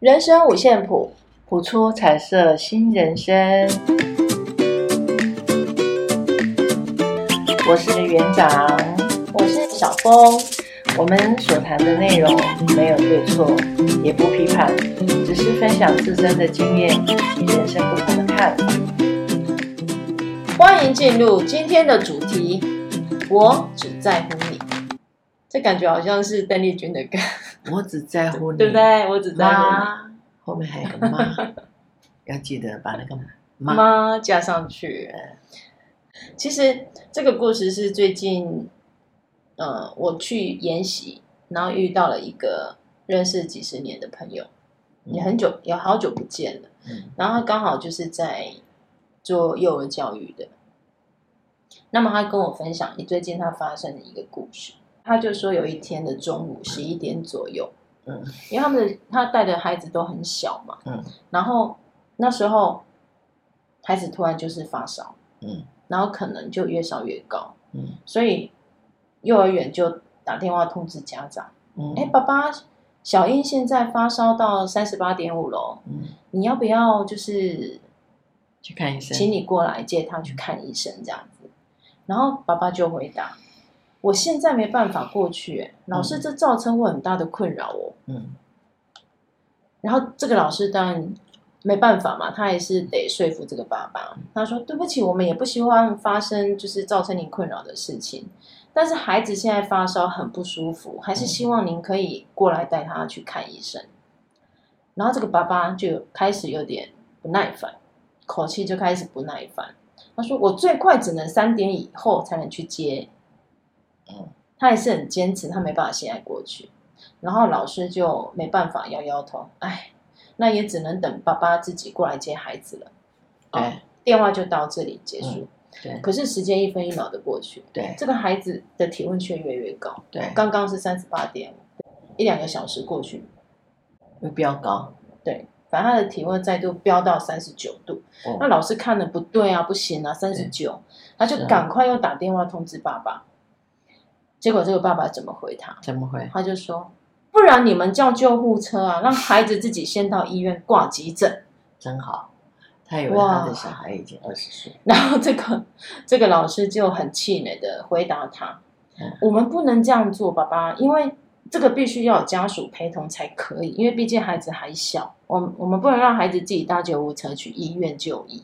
人生五線譜，譜出彩色新人生。我是園長，我是小峰。我們所談的內容沒有對錯，也不批判，只是分享自身的經驗與人生不同的看法。歡迎進入今天的主題，我只在乎你。這感覺好像是鄧麗君的歌。我只在乎你對，對不對？我只在乎你後面還有個媽， 要記得把那個媽媽加上去。嗯，其實這個故事是最近，呃，我去研習，然後遇到了一個認識幾十年的朋友，也很久，也好久不見了。嗯，然後他剛好就是在做幼兒教育的，那麼他跟我分享，你最近他發生的一個故事。他就說有一天的中午十一點左右，嗯，因為他們他帶的孩子都很小嘛，嗯，然後那時候孩子突然就是發燒，嗯，然後可能就越燒越高，嗯，所以幼兒園就打電話通知家長，哎、嗯，爸爸，小英現在發燒到三十八點五咯，嗯，你要不要就是去看醫生，請你過來接他去看醫生這樣子，然後爸爸就回答。我現在沒辦法過去，老師，這造成我很大的困擾哦。嗯。然後這個老師當然沒辦法嘛，他也是得說服這個爸爸。他說：“對不起，我們也不希望發生就是造成您困擾的事情，但是孩子現在發燒很不舒服，還是希望您可以過來帶他去看醫生。”嗯。然後這個爸爸就開始有點不耐煩，口氣就開始不耐煩。他說：“我最快只能三點以後才能去接。”他還是很堅持，他沒辦法現在過去，然後老師就沒辦法搖搖頭，哎，那也只能等爸爸自己過來接孩子了。啊、對，電話就到這裡結束。嗯、對，可是時間一分一秒的過去，對，這個孩子的體溫卻越來越高。對，剛剛是三十八點，一兩個小時過去又飆高，嗯、對，反正他的體溫再度飆到三十九度。嗯、那老師看了不對啊，不行啊，三十九，對他就趕快又打電話通知爸爸。結果這個爸爸怎麼回他？怎麼回？他就說：“不然你們叫救護車啊，讓孩子自己先到醫院掛急診。”真好，他以為他的小孩已經二十歲。然後這個這個老師就很氣餒的回答他：“嗯、我們不能這樣做，爸爸，因為這個必須要有家屬陪同才可以，因為畢竟孩子還小，我我們不能讓孩子自己搭救護車去醫院就醫。”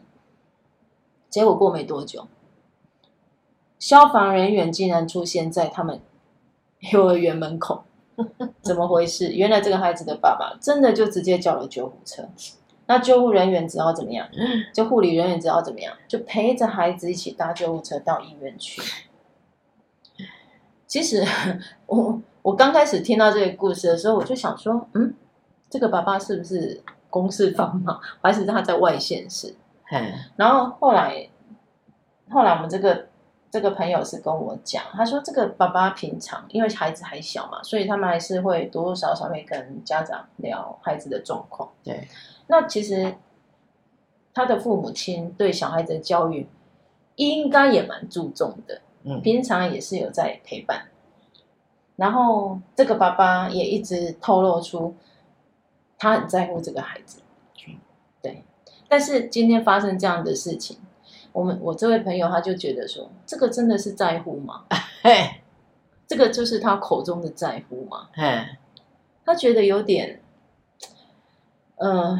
結果過沒多久。消防人員竟然出現在他們幼兒園門口，怎麼回事？原來這個孩子的爸爸真的就直接叫了救護車，那救護人員只好怎麼樣，就護理人員只好怎麼樣，就陪着孩子一起搭救護車到醫院去。其實我我剛開始聽到這個故事的時候，我就想說，嗯，這個爸爸是不是公事繁忙啊，還是他在外縣市？然後後來後來我們這個。這個朋友是跟我講，他說這個爸爸平常因為孩子還小嘛，所以他們還是會多多少少會跟家長聊孩子的狀況。對，那其實他的父母親對小孩子的教育應該也蠻注重的，嗯，平常也是有在陪伴。然後這個爸爸也一直透露出他很在乎這個孩子，對。但是今天發生這樣的事情。我們我這位朋友他就覺得說，這個真的是在乎嗎？哎，這個就是他口中的在乎嗎？哎，他覺得有點，嗯，呃，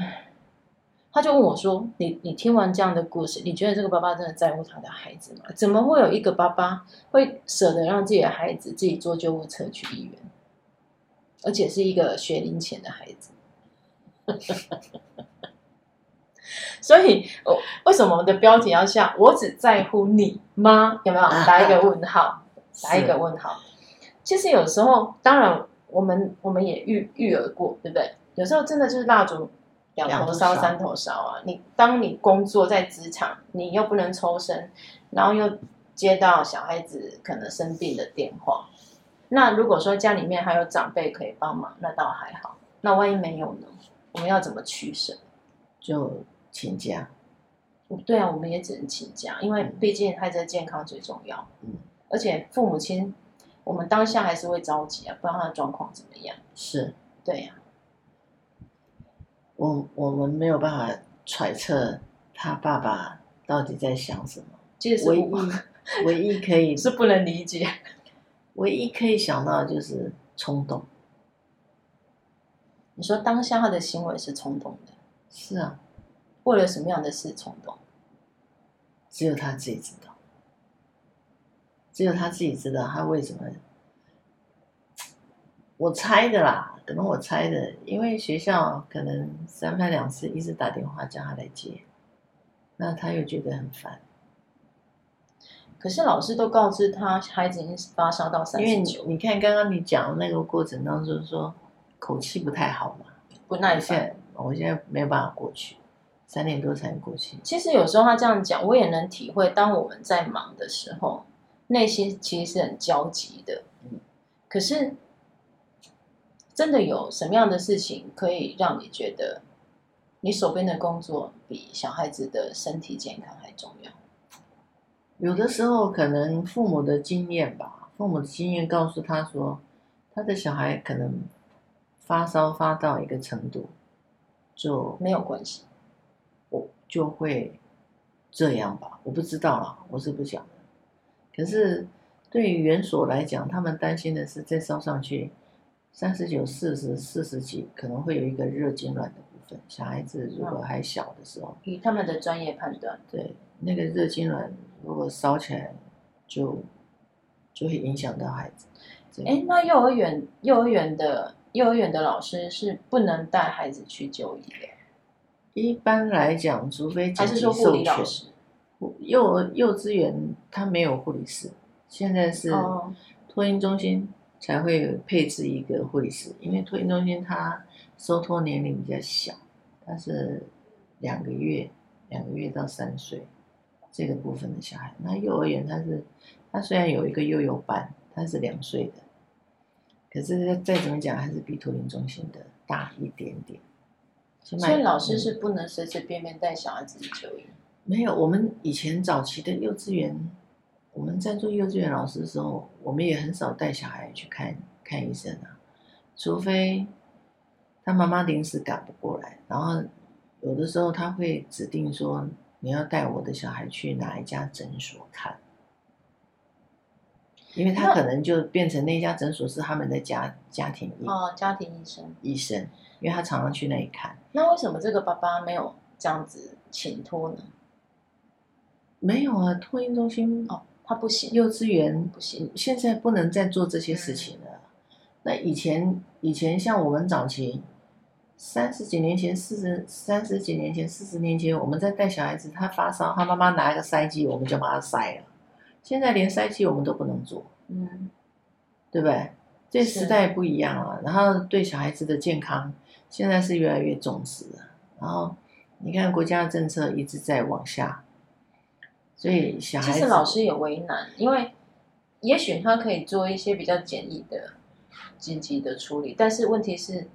他就問我說：“你你聽完這樣的故事，你覺得這個爸爸真的在乎他的孩子嗎？怎麼會有一個爸爸會捨得讓自己的孩子自己坐救護車去醫院，而且是一個學齡前的孩子？” 所以，我為什麼我們的標題要像“我只在乎你嗎”？啊、有沒有打一個問號？打一個問號。是其實有時候，當然，我們我們也育育兒過，對不對？有時候真的就是蠟燭兩頭燒，三頭燒啊！你當你工作在職場，你又不能抽身，然後又接到小孩子可能生病的電話，那如果說家裡面還有長輩可以幫忙，那倒還好。那萬一沒有呢？我們要怎麼取捨？就。請假，對啊，我們也只能請假，因為畢竟孩子的健康最重要。嗯，而且父母親，我們當下還是會着急啊，不知道他的狀況怎麼樣。是，對呀。我我們沒有辦法揣測他爸爸到底在想什麼，就是唯一唯一可以 是不能理解，唯一可以想到的就是衝動。你說當下他的行為是衝動的，是啊。為了什麼樣的事衝動？只有他自己知道，只有他自己知道他為什麼。我猜的啦，可能我猜的，因為學校可能三番兩次一直打電話叫他來接，那他又覺得很煩。可是老師都告知他，孩子已經發燒到三十九。因為你看剛剛你講的那個過程當中說口氣不太好嘛，不耐煩。我現在沒有辦法過去。三點多才過去。其實有時候他這樣講，我也能體會。當我們在忙的時候，內心其實是很焦急的。嗯。可是，真的有什麼樣的事情可以讓你覺得，你手邊的工作比小孩子的身體健康還重要？有的時候可能父母的經驗吧，父母的經驗告訴他說，他的小孩可能發燒發到一個程度，就沒有關係。就會這樣吧，我不知道啦，我是不講的。可是對於園所來講，他們擔心的是再燒上去三十九、四十四十幾，可能會有一個熱痙攣的部分。小孩子如果還小的時候，以他們的專業判斷，對，那個熱痙攣如果燒起來，就就會影響到孩子。哎，那幼兒園幼兒園的幼兒園的老師是不能帶孩子去就醫的。一般來講，除非緊急授權，幼兒幼稚園它沒有護理師，現在是托嬰中心才會配置一個護理師，因為托嬰中心它收托年齡比較小，它是兩個月、兩個月到三歲這個部分的小孩。那幼兒園它是，它雖然有一個幼幼班，它是兩歲的，可是再怎麼講還是比托嬰中心的大一點點。所以老師是不能隨隨便便帶小孩子去求醫。沒有，我們以前早期的幼稚園，我們在做幼稚園老師的時候，我們也很少帶小孩去看看醫生啊，除非他媽媽臨時趕不過來，然後有的時候他會指定說，你要帶我的小孩去哪一家診所看。因為他可能就變成那家診所是他們的家家庭醫生，哦，家庭醫生醫生，因為他常常去那裡看。那為什麼這個爸爸沒有這樣子請託呢？沒有啊，托嬰中心哦，他不行，幼稚園不行，現在不能再做這些事情了。嗯、那以前以前像我們早期，三十幾年前四十三十幾年前四十年前，我們在帶小孩子，他發燒，他媽媽拿一個塞劑，我們就把他塞了。現在連塞劑我們都不能做，嗯，對不對？這時代不一樣了，是然後對小孩子的健康現在是越來越重視了。然後你看國家政策一直在往下，所以，所以小孩子其實老師也為難，因為也許他可以做一些比較簡易的緊急的處理，但是問題是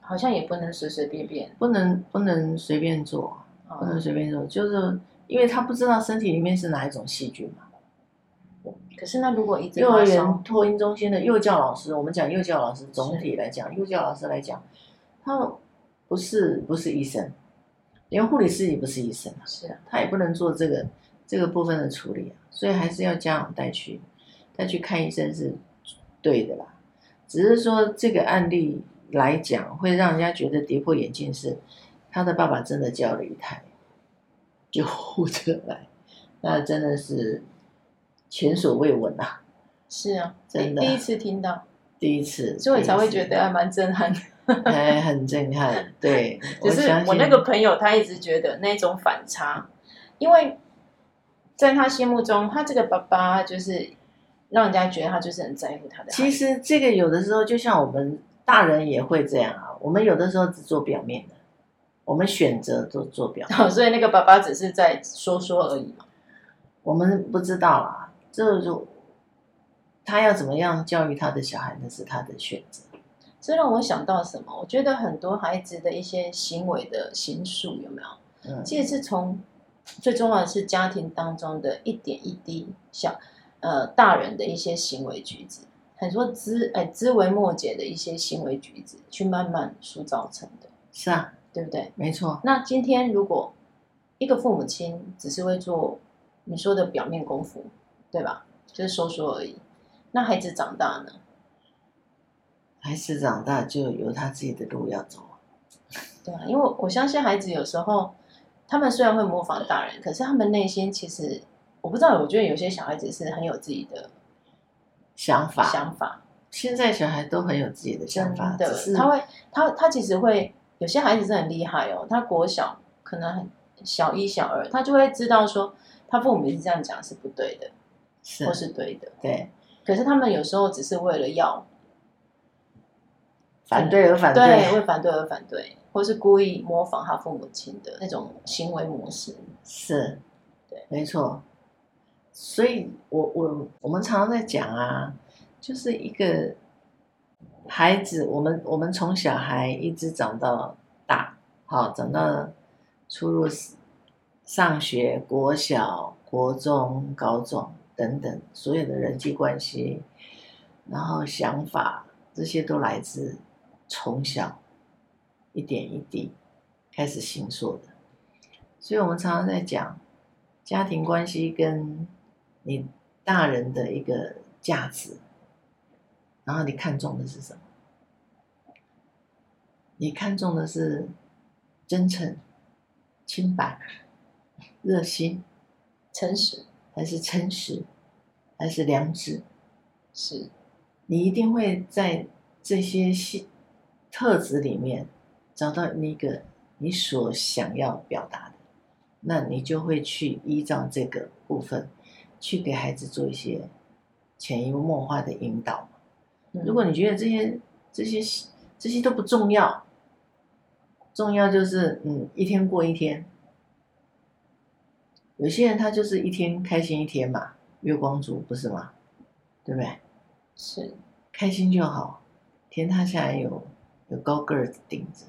好像也不能隨隨便便，不能不能隨便做，不能隨便做，嗯、就是因為他不知道身體裡面是哪一種細菌嘛。可是那如果一幼兒園托嬰中心的幼教老師，我們講幼教老師，總體來講，幼教老師來講，他不是，不是醫生，連護理師也不是醫生啊，他也不能做這個這個部分的處理啊，所以還是要家長帶去帶去看醫生是對的啦。只是說這個案例來講，會讓人家覺得跌破眼鏡，是他的爸爸真的叫了一台救護車來，那真的是。前所未聞吶、啊！是啊，真的第一次聽到，第一次，一次，所以才會覺得還蠻震撼的，哎呵，很震撼，對。 只是我那個朋友，他一直覺得那種反差，嗯、因為在他心目中，他這個爸爸就是讓人家覺得他就是很在乎他的。其實這個有的時候就像我們大人也會這樣啊，我們有的時候只做表面的，我們選擇做做表面，哦，所以那個爸爸只是在說說而已，我們不知道啦。這種他要怎麼樣教育他的小孩，那是他的選擇。這讓我想到什麼？我覺得很多孩子的一些行為的形塑，有沒有？嗯，其實是從最重要的是家庭當中的一點一滴小呃，大人的一些行為舉止，很多枝，哎枝微末節的一些行為舉止，去慢慢塑造成的。是啊，對不對？沒錯。那今天如果一個父母親只是會做你說的表面功夫，對吧？就是說說而已。那孩子長大呢？孩子長大就有他自己的路要走。對啊，因為我相信孩子有時候，他們雖然會模仿大人，對可是他們內心其實，我不知道。我覺得有些小孩子是很有自己的想法。想法。現在小孩都很有自己的想法，對。是嗯、他會，他他其實會有些孩子是很厲害哦。他國小可能很小一小二，他就會知道說，他父母是這樣講是不對的。是或是對的，對。可是他們有時候只是為了要反對而反對，對，為反對而反對，或是故意模仿他父母親的那種行為模式，是，對，沒錯。所以我，我我我們常常在講啊，就是一個孩子，我們我們從小孩一直長到大，好、哦，長到初入、嗯、上學，國小、國中、高中。等等，所有的人際關係，然後想法這些都來自從小一點一滴開始形塑的。所以，我們常常在講家庭關係跟你大人的一個價值，然後你看重的是什麼？你看重的是真誠、清白、熱心、誠實，還是誠實？但是良知，是，你一定會在這些性特質裡面找到那個你所想要表達的，那你就會去依照這個部分去給孩子做一些潛移默化的引導。如果你覺得這些這些這些都不重要，重要就是嗯，一天過一天，有些人他就是一天開心一天嘛。月光族不是嗎？對不對？是，開心就好。天塌下來有有高個兒頂着，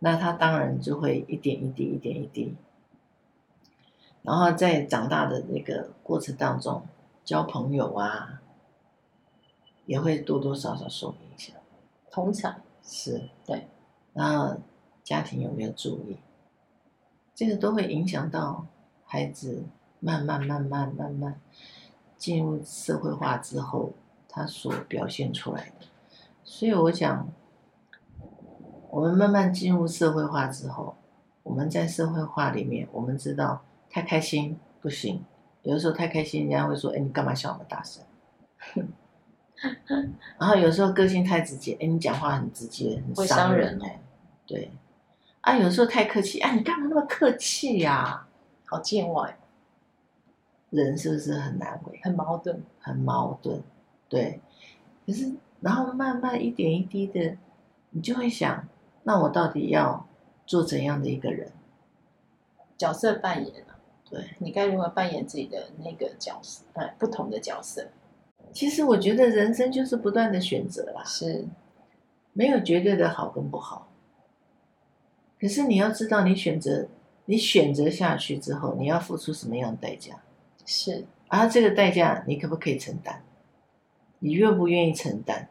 那他當然就會一點一滴，一點一滴。然後在長大的那個過程當中，交朋友啊，也會多多少少受影響。通常是對，然後家庭有沒有注意？這個都會影響到孩子。慢慢慢慢慢慢進入社會化之後，他所表現出來的，所以我講我們慢慢進入社會化之後，我們在社會化裡面，我們知道太開心不行，有的時候太開心，人家會說，哎，你幹嘛笑那麼大聲？然後有時候個性太直接，哎，你講話很直接，很傷人哎，欸。對，啊，有時候太客氣，啊，你幹嘛那麼客氣呀？好見外。人是不是很難為？很矛盾，很矛盾。對，可是然後慢慢一點一滴的，你就會想：那我到底要做怎樣的一個人？角色扮演啊？對，你該如何扮演自己的那個角色？哎，不同的角色。其實我覺得人生就是不斷的選擇啦，是，沒有絕對的好跟不好。可是你要知道，你選擇，你選擇下去之後，你要付出什麼樣的代價？是啊，這個代價你可不可以承擔？你願不願意承擔？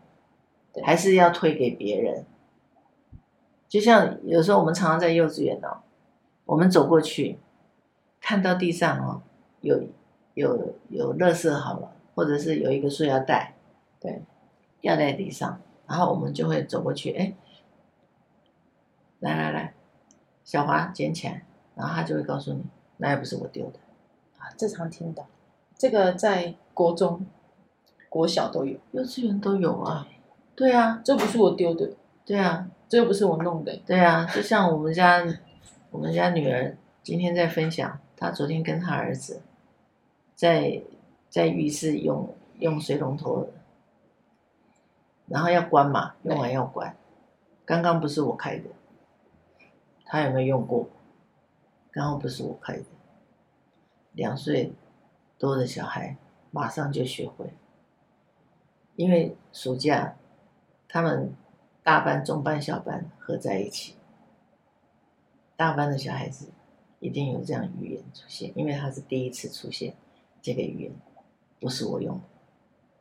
還是要推給別人？就像有時候我們常常在幼稚園哦、喔，我們走過去看到地上哦、喔、有有有垃圾好了，或者是有一個塑料袋，對，掉在地上，然後我們就會走過去，哎、欸，來來來，小華撿起來，然後他就會告訴你，那也不是我丟的。這常聽到，這個在國中、國小都有，幼稚園都有啊。對，對啊，這不是我丟的。對啊，嗯，這又不是我弄的。對啊，就像我們家，我們家女兒今天在分享，她昨天跟她兒子在在浴室用用水龍頭，然後要關嘛，用完要關。對。剛剛不是我開的，他有沒有用過？剛剛不是我開的。兩歲多的小孩馬上就學會，因為暑假他們大班、中班、小班合在一起，大班的小孩子一定有這樣的語言出現，因為他是第一次出現這個語言，不是我用，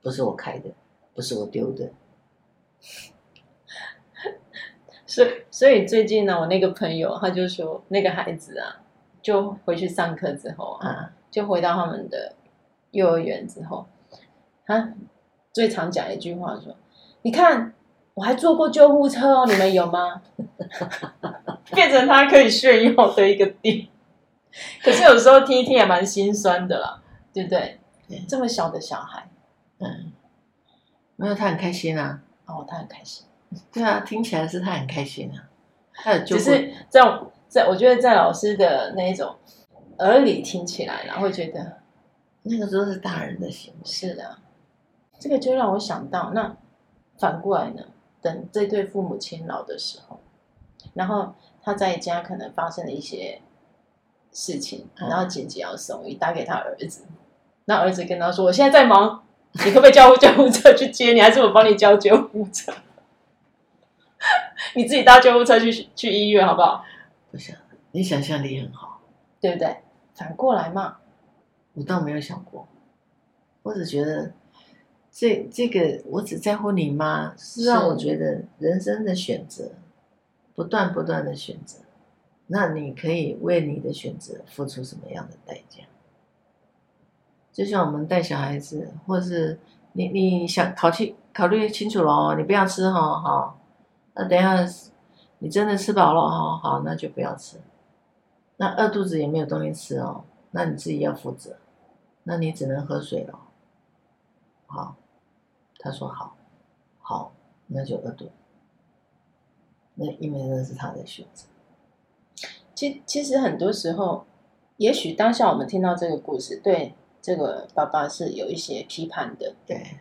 不是我開的，不是我丟的，所以所以最近呢，啊，我那個朋友他就說那個孩子啊。就回去上課之後啊，啊就回到他們的幼兒園之後，他最常講一句話說：“你看，我還坐過救護車哦，你們有嗎？” 變成他可以炫耀的一個點。 可是有時候聽一聽也蠻心酸的啦，對不對？對這麼小的小孩，嗯，沒有，他很開心啊。哦，他很開心。對啊，聽起來是他很開心啊。他有救護車。在我覺得在老師的那一種耳裡聽起來，然後覺得那個時候是大人的形式啊。這個就讓我想到，那反過來呢？等這對父母親老的時候，然後他在家可能發生了一些事情，然後緊急要送醫，打給他兒子，嗯、那兒子跟他說：“我現在在忙，你會不會叫救護車去接你？ 還是我幫你叫救護車？ 你自己搭救護車去去醫院好不好？”好不想，你想象力很好，對不對？反過來嘛，我倒沒有想過，我只覺得，這這個我只在乎你嗎？是讓，啊，我覺得人生的選擇，不斷不斷的選擇，那你可以為你的選擇付出什麼樣的代價？就像我們帶小孩子，或是你你想考慮考慮清楚咯、哦，你不要吃好、哦、好，那等一下。你真的吃飽了好？哦、好，那就不要吃。那餓肚子也沒有東西吃哦，那你自己要負責。那你只能喝水了，好、哦。他說好，好，那就餓肚。那因為那是他的選擇。其其實很多時候，也許當下我們聽到這個故事，對這個爸爸是有一些批判的，對，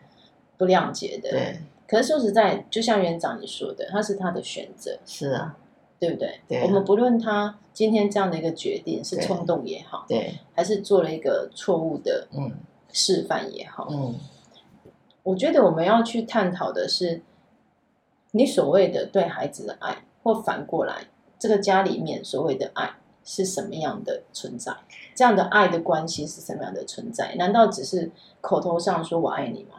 不諒解的。對。可是說實在，就像園長你說的，他是他的選擇，是啊，對不對？對、啊，我們不論他今天這樣的一個決定是衝動也好，對，對還是做了一個錯誤的嗯示範也好，嗯，嗯我覺得我們要去探討的是，你所謂的對孩子的愛，或反過來，這個家裡面所謂的愛是什麼樣的存在？這樣的愛的關係是什麼樣的存在？難道只是口頭上說我愛你嗎？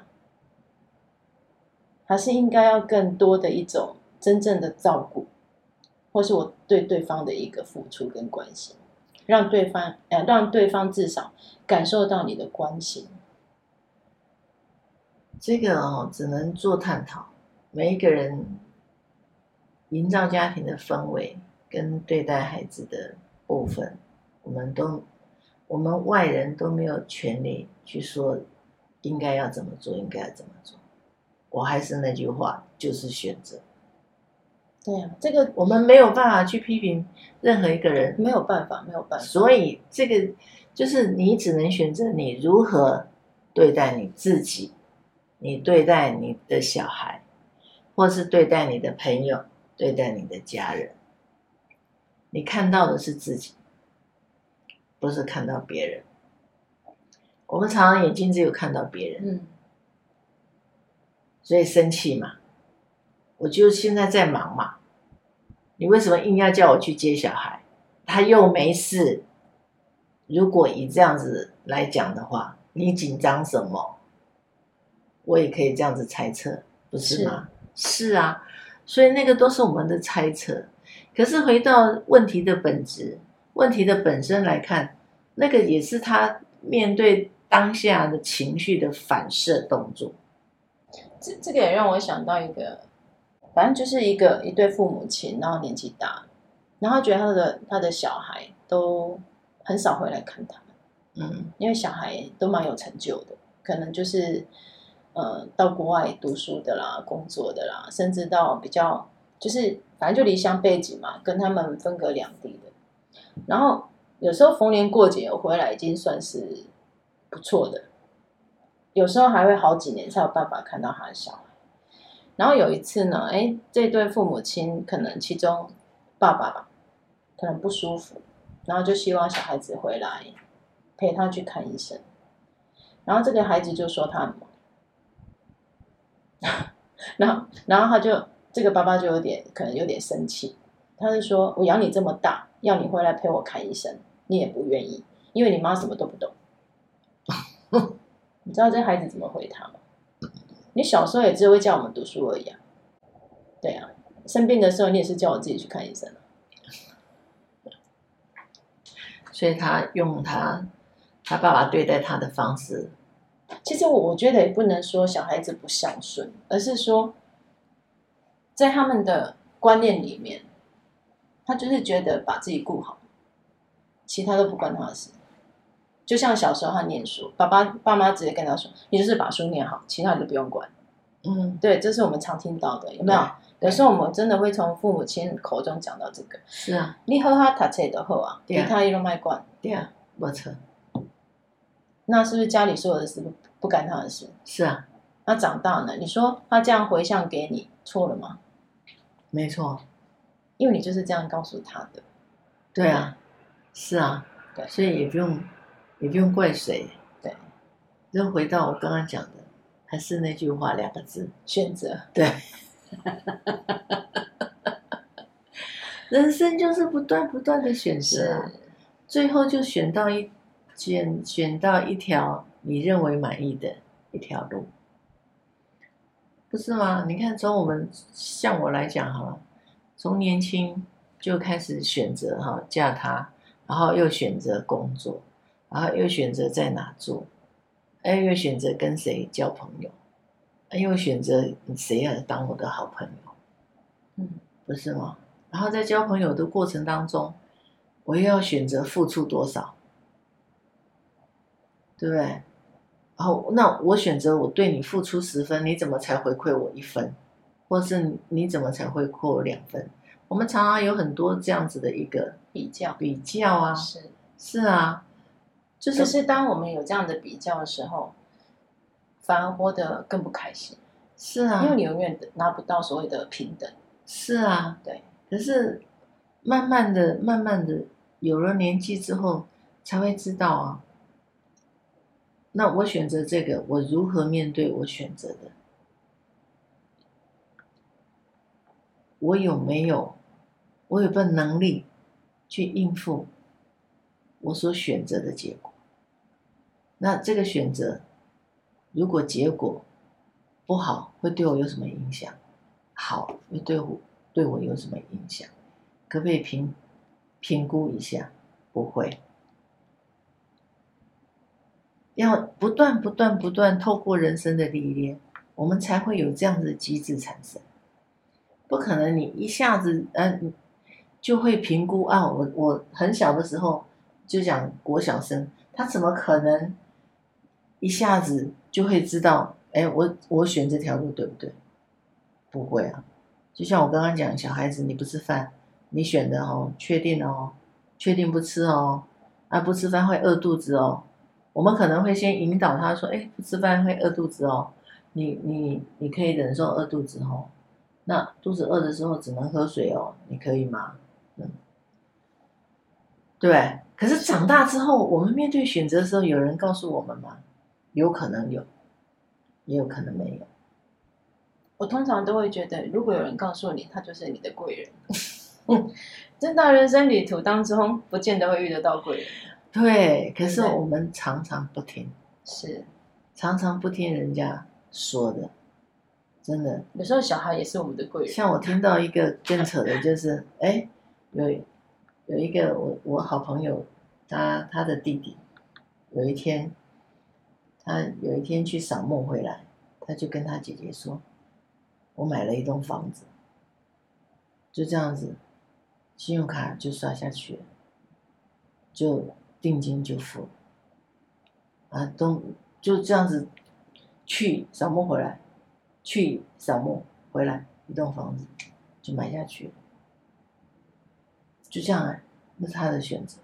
還是應該要更多的一種真正的照顧，或是我對對方的一個付出跟關心，讓對方呃讓對方至少感受到你的關心。這個哦，只能做探討。每一個人營造家庭的氛圍跟對待孩子的部分，嗯、我們都我們外人都沒有權利去說應該要怎麼做，應該要怎麼做。我還是那句話，就是選擇。對呀、啊，這個我們沒有辦法去批評任何一個人，沒有辦法，沒有辦法。所以這個就是你只能選擇你如何對待你自己，你對待你的小孩，或是對待你的朋友，對待你的家人。你看到的是自己，不是看到別人。我們常常眼睛只有看到別人。嗯。所以生氣嘛？我就現在在忙嘛。你為什麼硬要叫我去接小孩？他又沒事。如果以這樣子來講的話，你緊張什麼？我也可以這樣子猜測，不是嗎？是，是啊，所以那個都是我們的猜測。可是回到問題的本質，問題的本身來看，那個也是他面對當下的情緒的反射動作。這，這個也讓我想到一個，反正就是一個一對父母親，然後年紀大，然後覺得他的他的小孩都很少回來看他們，嗯，嗯，因為小孩都蠻有成就的，可能就是呃到國外讀書的啦、工作的啦，甚至到比較就是反正就離鄉背井嘛，跟他們分隔兩地的，然後有時候逢年過節回來已經算是不錯的。有時候還會好幾年才有爸爸看到他的小孩，然後有一次呢，哎、欸，這對父母親可能其中爸爸吧可能不舒服，然後就希望小孩子回來陪他去看醫生，然後這個孩子就說他什麼 然後然後他就這個爸爸就有點可能有點生氣，他就說：“我養你這麼大，要你回來陪我看醫生，你也不願意，因為你媽什麼都不懂。” 你知道這孩子怎麼回他嗎？你小時候也只會叫我們讀書而已啊。對啊，生病的時候你也是叫我自己去看醫生。所以他用他他爸爸對待他的方式。其實我我覺得也不能說小孩子不孝順，而是說在他們的觀念裡面，他就是覺得把自己顧好，其他都不關他的事。就像小時候他念書，爸爸爸媽直接跟他說：“你就是把書念好，其他你就不用管。”嗯，對，這是我們常聽到的，有沒有？可是我們真的會從父母親口中講到這個。是啊。你好好讀書就好啊，其他你都賣管。對啊，沒錯。那是不是家裡所有的事不不干他的事？是啊。那長大了你說他這樣回向給你，錯了嗎？沒錯，因為你就是這樣告訴他的。對啊，是啊。對，所以也不用。也不用怪誰，對。就回到我剛剛講的，還是那句話，兩個字，選擇。對， 人生就是不斷不斷的選擇，是最後就選到一選選到一條你認為滿意的一條路，不是嗎？你看，從我們像我來講哈，從年輕就開始選擇哈，嫁他，然後又選擇工作，然後又選擇在哪住，哎，又選擇跟誰交朋友，哎，又選擇誰要當我的好朋友，嗯，不是嗎？然後在交朋友的過程當中，我又要選擇付出多少，對不對？然後那我選擇我對你付出十分，你怎麼才回饋我一分？或是你怎麼才回饋我兩分？我們常常有很多這樣子的一個比較，比較啊，是是啊。就是是，當我們有這樣的比較的時候，反而活得更不開心。是啊，因為你永遠拿不到所謂的平等。是啊，對。可是慢慢的、慢慢的有了年紀之後，才會知道啊。那我選擇這個，我如何面對我選擇的？我有沒有？我有沒有能力去應付？我所選擇的結果，那這個選擇，如果結果不好，會對我有什麼影響？好，會對我對我有什麼影響？可不可以評評估一下？不會，要不斷不斷不斷透過人生的歷練，我們才會有這樣的機制產生。不可能，你一下子嗯就會評估啊！我我很小的時候。就講國小生，他怎麼可能一下子就會知道？欸，我我選這條路對不對？不會啊。就像我剛剛講，小孩子你不吃飯，你選的哦，確定哦，確定不吃哦，啊，不吃飯會餓肚子哦。我們可能會先引導他說，欸，不吃飯會餓肚子哦，你你你可以忍受餓肚子哦。那肚子餓的時候只能喝水哦，你可以嗎？嗯，對，對。可是長大之後，我們面對選擇的時候，有人告訴我們嗎？有可能有，也有可能沒有。我通常都會覺得，如果有人告訴你，他就是你的貴人。真的、 嗯嗯、人生旅途當中，不見得會遇得到貴人。對，可是我們常常不聽。是，常常不聽人家說的，真的。有時候小孩也是我們的貴人。像我聽到一個更扯的，就是，哎、 欸，有。有一個我我好朋友，他他的弟弟，有一天，他有一天去掃墓回來，他就跟他姐姐說，我買了一棟房子，就這樣子，信用卡就刷下去，就定金就付，啊，都就這樣子，去掃墓回來，去掃墓回來，一棟房子就買下去。就這樣啊、欸，那是他的選擇，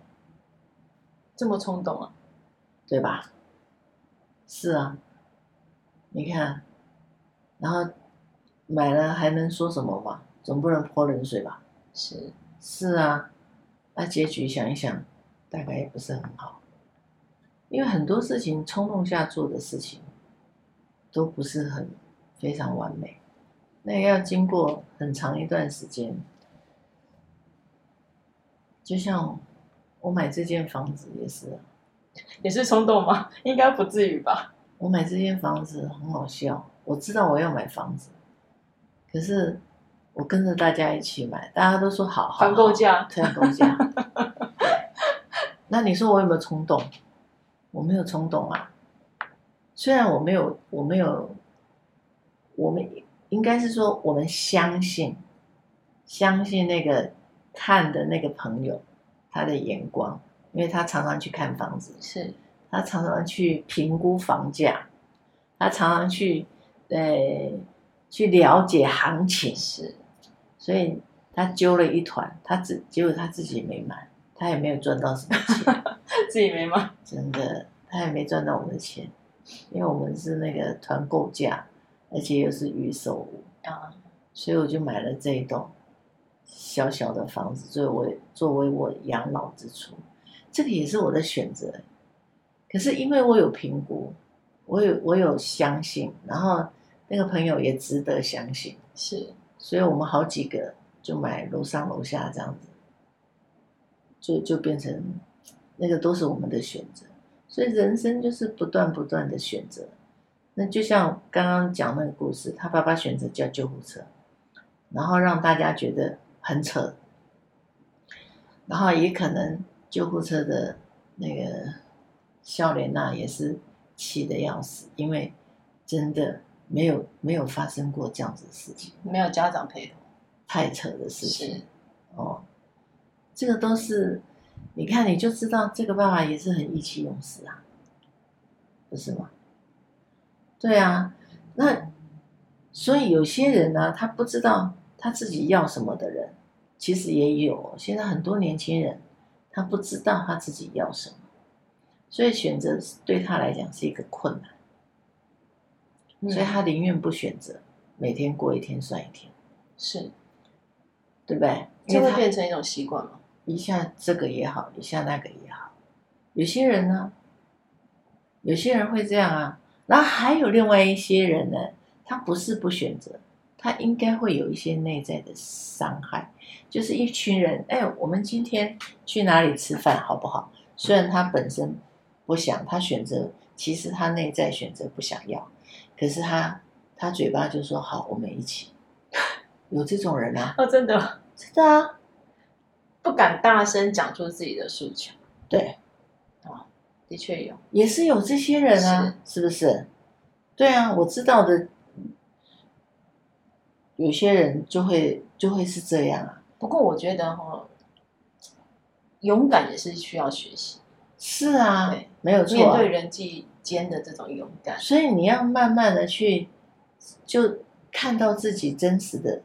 這麼衝動啊，對吧？是啊，你看，然後買了還能說什麼嘛？總不能潑冷水吧？是是啊，那結局想一想，大概也不是很好，因為很多事情衝動下做的事情，都不是很非常完美，那也要經過很長一段時間。就像我買這間房子也是、啊，也是衝動嗎？應該不至於吧。我買這間房子很好笑，我知道我要買房子，可是我跟着大家一起買，大家都說好，好，好，團購價，團購價。 那你說我有沒有衝動？我沒有衝動啊。雖然我沒有，我沒有，我們應該是說我們相信，相信那個。看的那個朋友，他的眼光，因為他常常去看房子，是，他常常去評估房價，他常常去，呃，去了解行情，是，所以他揪了一團，他只結果他自己沒買，他也沒有賺到什麼錢， 自己沒買，真的，他也沒賺到我們的錢，因為我們是那個團購價，而且又是預售屋，啊，所以我就買了這一棟。小小的房子作為作為我養老之處，這個也是我的選擇。可是因為我有評估，我有我有相信，然後那個朋友也值得相信，是，所以我們好幾個就買樓上樓下這樣子，就就變成那個都是我們的選擇。所以人生就是不斷不斷的選擇。那就像剛剛講那個故事，他爸爸選擇叫救護車，然後讓大家覺得。很扯，然後也可能救護車的那個笑臉吶，也是氣得要死，因為真的沒有沒有發生過這樣子的事情，沒有家長陪同，太扯的事情，是哦，這個都是你看你就知道，這個爸爸也是很意氣用事啊，不是嗎？對啊，那所以有些人呢、啊，他不知道。他自己要什麼的人，其實也有。現在很多年輕人，他不知道他自己要什麼，所以選擇對他來講是一個困難，所以他寧願不選擇，每天過一天算一天，是、嗯，對不對？就會變成一種習慣了。一下這個也好，一下那個也好，有些人呢，有些人會這樣啊。然後還有另外一些人呢，他不是不選擇。他應該會有一些內在的傷害，就是一群人，哎，我們今天去哪裡吃飯好不好？雖然他本身不想，他選擇，其實他內在選擇不想要，可是他，他嘴巴就說好，我們一起。有這種人啊？哦，真的，真的啊！不敢大聲講出自己的訴求。對，哦，的確有，也是有這些人啊，是，是不是？對啊，我知道的。有些人就會就會是這樣啊。不過我覺得哈、哦，勇敢也是需要學習。是啊，對沒有錯、啊。面對人際間的這種勇敢。所以你要慢慢的去，就看到自己真實的，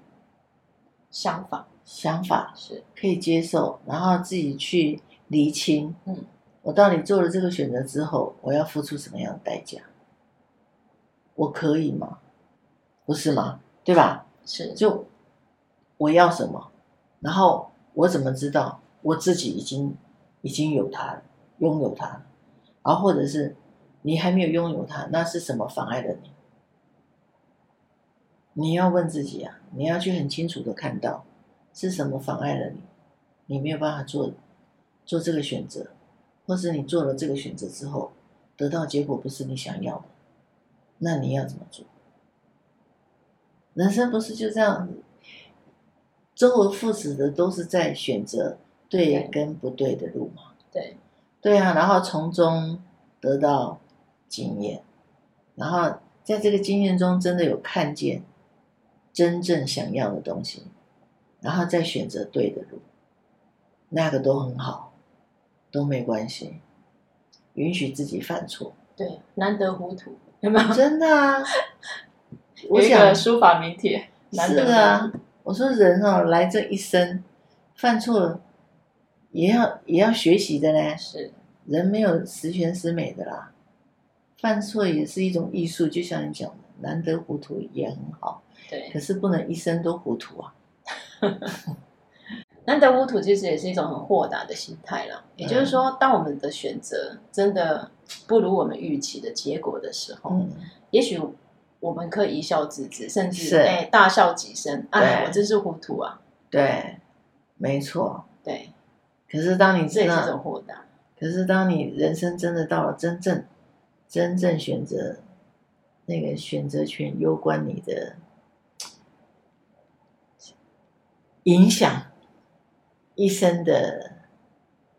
想法，是想法是，可以接受，然後自己去釐清。嗯，我到底做了這個選擇之後，我要付出什麼樣的代價？我可以嗎？不是嗎？對吧？是，就我要什麼，然後我怎麼知道我自己已經已經有它了，擁有它了，然後或者是你還沒有擁有它，那是什麼妨礙了你？你要問自己啊，你要去很清楚的看到是什麼妨礙了你，你沒有辦法做做這個選擇，或是你做了這個選擇之後得到結果不是你想要的，那你要怎麼做？人生不是就這樣周而復始的，都是在選擇對跟不對的路嗎？對，對啊，然後從中得到經驗，然後在這個經驗中真的有看見真正想要的東西，然後再選擇對的路，那個都很好，都沒關係，允許自己犯錯，對，難得糊塗，真的啊。我想書法名帖是啊，我說人哦，來這一生，犯錯了，也要也要學習的呢。是人沒有十全十美的啦，犯錯也是一種藝術。就像你講的，難得糊塗也很好。對，可是不能一生都糊塗啊。難得糊塗其實也是一種很豁達的心態了。也就是說，當我們的選擇真的不如我們預期的結果的時候，也許。我們可以一笑置之，甚至是、欸、大笑幾聲哎對、啊，我真是糊塗啊！對，沒錯，對。可是當你這也是很豁達。可是當你人生真的到了真正、真正選擇那個選擇權攸關你的影響一生的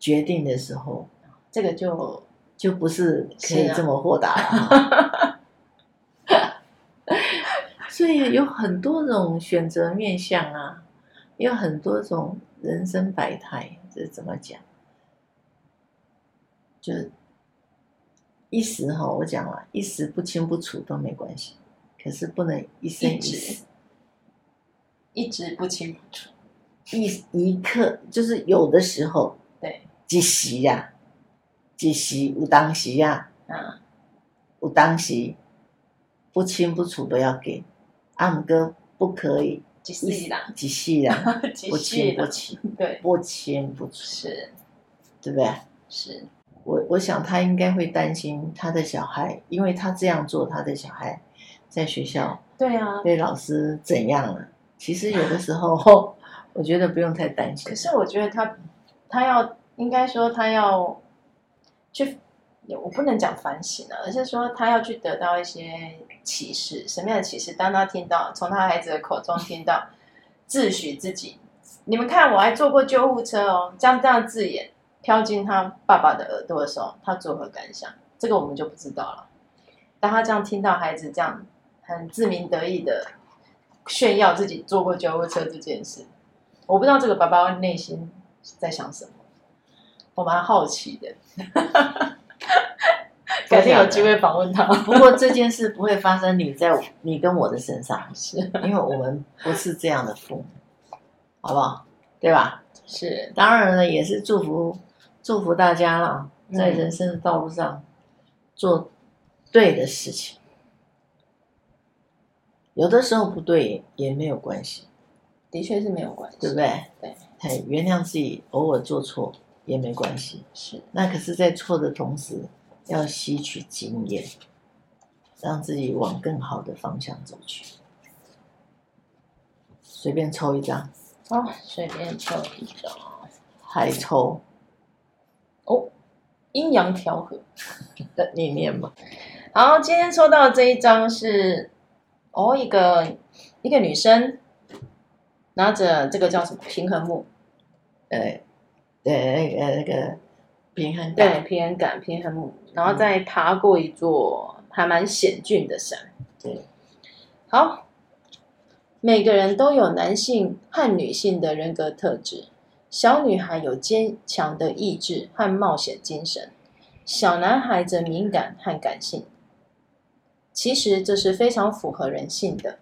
決定的時候，這個就就不是可以這麼豁達了 對呀，有很多種選擇面向啊，有很多種人生百態。這怎麼講？就是一時哈、哦，我講了，一時不清不楚都沒關係，可是不能一生一世，一直不清不楚。一一刻就是有的時候，對，一時呀、啊，一時有當時呀，啊，啊有當時不清不楚都要給。阿姆哥不可以，即係即係不親不親，對，不親不，不，不，不，不，不，不，不是，對不對？是我，我想他應該會擔心他的小孩，因為他這樣做，他的小孩在學校，對啊，被老師怎樣了？其實有的時候， 我覺得不用太擔心。可是我覺得他，他要應該說他要，去。我不能講反省啊，而是說他要去得到一些啟示。什麼樣的啟示？當他聽到從他孩子的口中聽到自詡自己，你們看我還坐過救護車哦，這樣這樣字眼飄進他爸爸的耳朵的時候，他作何感想？這個我們就不知道了。當他這樣聽到孩子這樣很自鳴得意的炫耀自己坐過救護車這件事，我不知道這個爸爸內心在想什麼，我蠻好奇的。 改天有機會訪問他、啊。不過這件事不會發生你在你跟我的身上， 是、啊、因為我們不是這樣的父母，好不好？對吧？是，當然了，也是祝福祝福大家啦，在人生的道路上、嗯、做對的事情，有的時候不對也沒有關係，的確是沒有關係，對不對？對，原諒自己偶爾做錯也沒關係，是的。那可是，在錯的同時。要吸取經驗，讓自己往更好的方向走去。隨便抽一張，好，隨便抽一張，還抽，哦，陰陽調和， 你念吧嘛。好，今天抽到這一張是哦，一個一個女生拿着這個叫什麼平衡木，呃對，呃，那個那個。平衡感，對，平衡感，平衡木，然後再爬過一座還蠻險峻的山。對、嗯，好，每個人都有男性和女性的人格特質。小女孩有堅強的意志和冒險精神，小男孩則敏感和感性。其實這是非常符合人性的，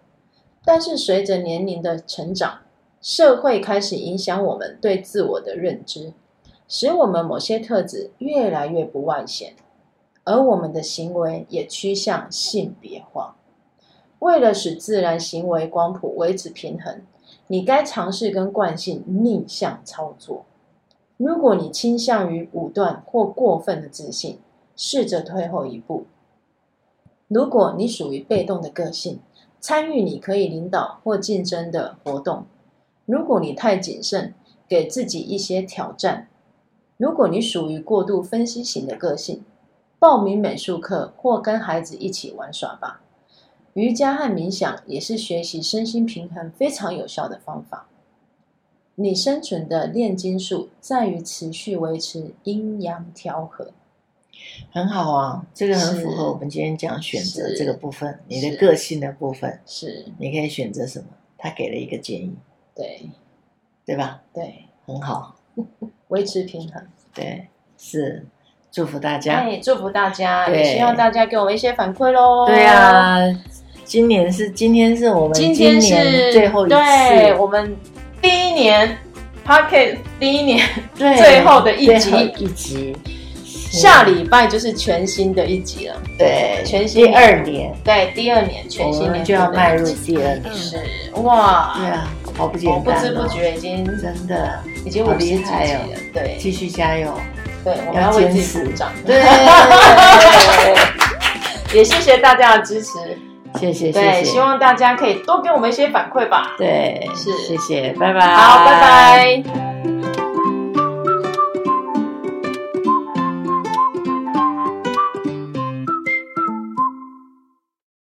但是隨着年齡的成長，社會開始影響我們對自我的認知。使我們某些特質越來越不外顯，而我們的行為也趨向性別化。為了使自然行為光譜維持平衡，你該嘗試跟慣性逆向操作。如果你傾向於武斷或過分的自信，試着退後一步。如果你屬於被動的個性，參與你可以領導或競爭的活動。如果你太謹慎，給自己一些挑戰。如果你屬於過度分析型的個性，報名美術課或跟孩子一起玩耍吧。瑜伽和冥想也是學習身心平衡非常有效的方法。你生存的煉金術在於持續維持陰陽調和。很好啊，這個很符合我們今天講選擇這個部分，是你的個性的部分是，你可以選擇什麼？他給了一個建議，對，對吧？對，很好。維持平衡，對，是祝福大家，也祝福大家，也希望大家給我們一些反饋咯，對啊，今年是今天是我們今年最後一次，我們第一年 podcast 第一年，對，最後的一集一集，下禮拜就是全新的一集了，對，全新第二年，對，第二年全新年就要邁入第二年，是，哇，對啊。不我不知不覺已經真的已經很厲害了，了，對，繼續加油，對，我要為自己鼓掌。對，對 也謝謝大家的支持，謝謝，謝謝對，希望大家可以多給我們一些反饋吧，對，是，謝謝，拜拜，好，拜拜。